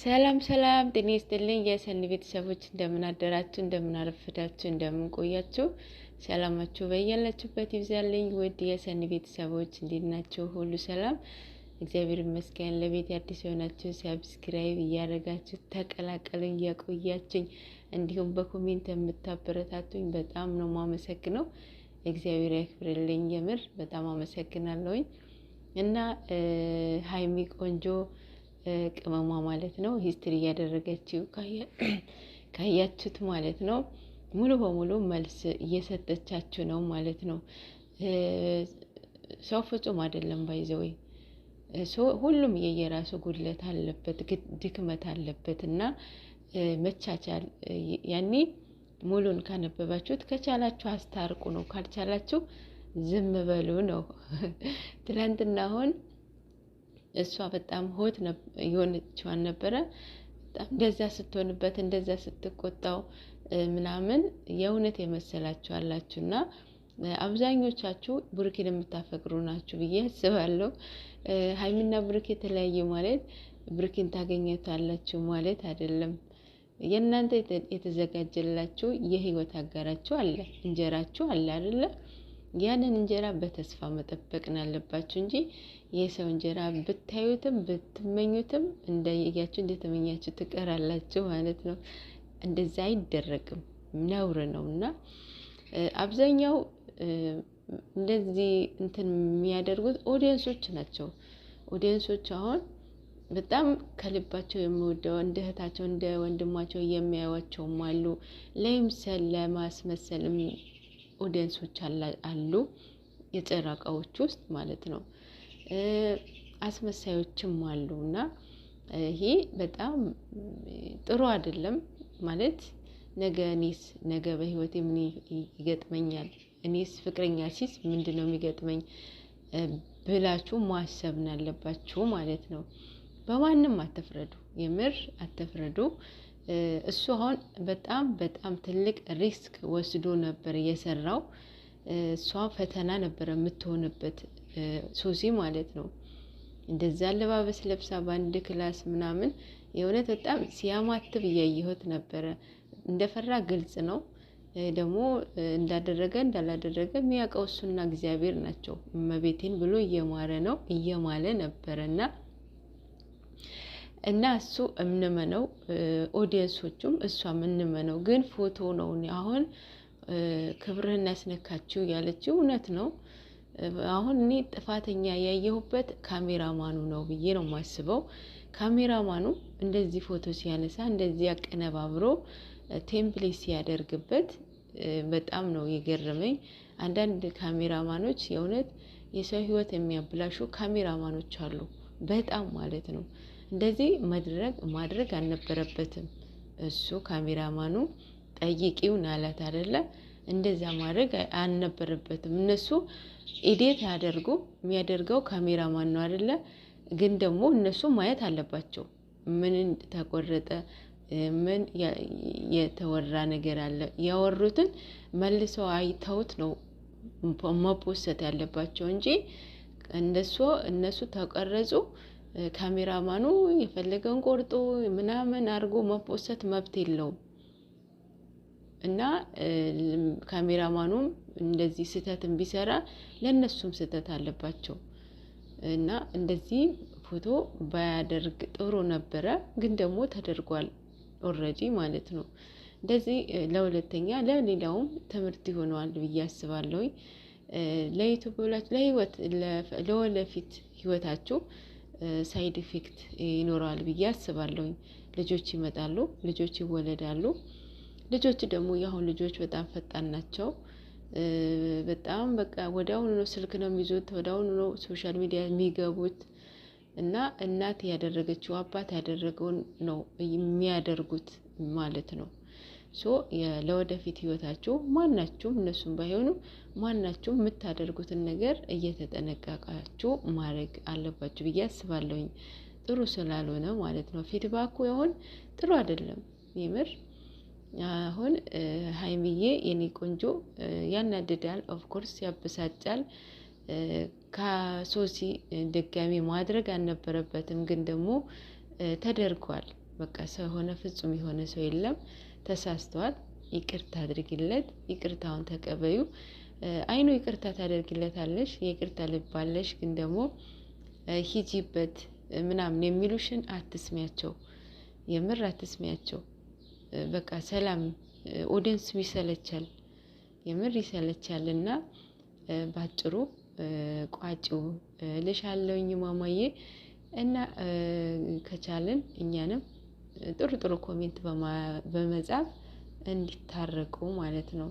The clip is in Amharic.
ሰላም ሰላም፣ ጤና ይስጥልኝ የሰኒ ቤተሰቦች፣ እንደምናደራችሁ፣ እንደምናረፍዳችሁ፣ እንደምንቆያችሁ ሰላማችሁ በያላችሁበት ይብዛልኝ። ውድ የሰኒ ቤተሰቦች እንዴት ናችሁ? ሁሉ ሰላም እግዚአብሔር ይመስገን። ለቤት አዲስ የሆናችሁ ሰብስክራይብ እያደረጋችሁ ተቀላቀሉኝ፣ እያቆያችኝ እንዲሁም በኮሜንት የምታበረታቱኝ በጣም ነው ማመሰግነው። እግዚአብሔር ያክብርልኝ። የምር በጣም አመሰግናለሁኝ እና ሀይሚ ቆንጆ ቅመሟ ማለት ነው። ሂስትሪ እያደረገችው ካያችሁት ማለት ነው ሙሉ በሙሉ መልስ እየሰጠቻችሁ ነው ማለት ነው። ሰው ፍጹም አይደለም ባይዘወይ ሁሉም የየራሱ ጉድለት አለበት፣ ድክመት አለበት እና መቻቻል ያኔ ሙሉን ካነበባችሁት ከቻላችሁ አስታርቁ ነው፣ ካልቻላችሁ ዝም በሉ ነው። ትላንትና አሁን እሷ በጣም ሆት የሆነችዋን ነበረ። በጣም እንደዛ ስትሆንበት እንደዛ ስትቆጣው ምናምን የእውነት የመሰላችሁ አላችሁ እና አብዛኞቻችሁ ብሩኬን የምታፈቅሩ ናችሁ ብዬ አስባለሁ። ሀይሚና ብሩኬ የተለያየ ማለት ብሩኬን ታገኘታላችሁ ማለት አይደለም። የእናንተ የተዘጋጀላችሁ የህይወት አጋራችሁ አለ፣ እንጀራችሁ አለ አይደለም ያንን እንጀራ በተስፋ መጠበቅ ነው ያለባችሁ እንጂ የሰው እንጀራ ብታዩትም ብትመኙትም እንዳያችሁ እንደተመኛችሁ ትቀራላችሁ ማለት ነው። እንደዛ አይደረግም፣ ነውር ነው እና አብዛኛው እንደዚህ እንትን የሚያደርጉት ኦዲየንሶች ናቸው። ኦዲየንሶች አሁን በጣም ከልባቸው የሚወደው እንደ እህታቸው እንደ ወንድማቸው የሚያዩቸውም አሉ። ለይምሰል ለማስመሰልም ኦዲየንሶች አሉ የጨረቃዎች ውስጥ ማለት ነው። አስመሳዮችም አሉ እና ይሄ በጣም ጥሩ አይደለም ማለት ነገ እኔስ ነገ በህይወቴ ምን ይገጥመኛል? እኔስ ፍቅረኛ ሲስ ምንድን ነው የሚገጥመኝ ብላችሁ ማሰብን አለባችሁ ማለት ነው። በማንም አትፍረዱ፣ የምር አትፍረዱ። እሱ አሁን በጣም በጣም ትልቅ ሪስክ ወስዶ ነበር የሰራው። እሷ ፈተና ነበር የምትሆንበት ሶሲ ማለት ነው። እንደዛ አለባበስ ለብሳ በአንድ ክላስ ምናምን የእውነት በጣም ሲያማትብ እያየሁት ነበረ። እንደፈራ ግልጽ ነው። ደግሞ እንዳደረገ እንዳላደረገ የሚያውቀው እሱና እግዚአብሔር ናቸው። እመቤቴን ብሎ እየማረ ነው እየማለ ነበረ እና እና እሱ እምንመነው ኦዲየንሶቹም እሷም እንመነው። ግን ፎቶ ነው አሁን ክብርህን ያስነካችው ያለችው እውነት ነው። አሁን እኔ ጥፋተኛ ያየሁበት ካሜራማኑ ነው ብዬ ነው የማስበው። ካሜራማኑ እንደዚህ ፎቶ ሲያነሳ እንደዚህ አቀነባብሮ ቴምፕሌት ሲያደርግበት በጣም ነው የገረመኝ። አንዳንድ ካሜራማኖች የእውነት የሰው ህይወት የሚያብላሹ ካሜራማኖች አሉ፣ በጣም ማለት ነው። እንደዚህ መድረግ ማድረግ አልነበረበትም። እሱ ካሜራማኑ ጠይቂውን አላት አይደለ? እንደዛ ማድረግ አልነበረበትም። እነሱ ኢዴት ያደርጉ የሚያደርገው ካሜራማን ነው አደለ? ግን ደግሞ እነሱ ማየት አለባቸው። ምን ተቆረጠ፣ ምን የተወራ ነገር አለ። ያወሩትን መልሰው አይተውት ነው መፖሰት ያለባቸው እንጂ እንደሱ እነሱ ተቀረጹ ካሜራማኑ የፈለገውን ቆርጦ ምናምን አድርጎ መፖሰት መብት የለውም እና ካሜራማኑም እንደዚህ ስህተትን ቢሰራ ለእነሱም ስህተት አለባቸው እና እንደዚህ ፎቶ ባያደርግ ጥሩ ነበረ። ግን ደግሞ ተደርጓል ኦረጂ ማለት ነው። እንደዚህ ለሁለተኛ ለሌላውም ትምህርት ይሆነዋል ብዬ አስባለሁኝ። ለዩቱብ ብላችሁ ለህይወት ለወደፊት ህይወታችሁ ሳይድ ኢፌክት ይኖረዋል ብዬ አስባለሁኝ። ልጆች ይመጣሉ፣ ልጆች ይወለዳሉ። ልጆች ደግሞ የአሁን ልጆች በጣም ፈጣን ናቸው። በጣም በቃ ወዲያውኑ ነው ስልክ ነው የሚይዙት፣ ወዲያውኑ ነው ሶሻል ሚዲያ የሚገቡት እና እናት ያደረገችው አባት ያደረገውን ነው የሚያደርጉት ማለት ነው። ሶ ለወደፊት ህይወታችሁ ማናችሁም እነሱም ባይሆኑ ማናችሁም የምታደርጉትን ነገር እየተጠነቀቃችሁ ማድረግ አለባችሁ ብዬ አስባለሁኝ። ጥሩ ስላልሆነ ማለት ነው። ፊድባኩ አሁን ጥሩ አይደለም የምር አሁን ሀይሚዬ የኔ ቆንጆ ያናድዳል፣ ኦፍኮርስ ያበሳጫል። ከሶሲ ድጋሚ ማድረግ አልነበረበትም፣ ግን ደግሞ ተደርጓል። በቃ ሰው የሆነ ፍጹም የሆነ ሰው የለም። ተሳስተዋል። ይቅርታ አድርግለት፣ ይቅርታውን ተቀበዩ። አይኑ ይቅርታ ታደርግለታለሽ፣ የይቅርታ ልባለሽ፣ ግን ደግሞ ሂጂበት ምናምን የሚሉሽን አትስሚያቸው፣ የምር አትስሚያቸው። በቃ ሰላም ኦዲንስ ይሰለቻል፣ የምር ይሰለቻል። እና ባጭሩ ቋጭው ልሻለውኝ ማማዬ እና ከቻልን እኛንም ጥሩ ጥሩ ኮሜንት በመጻፍ እንዲታረቁ ማለት ነው።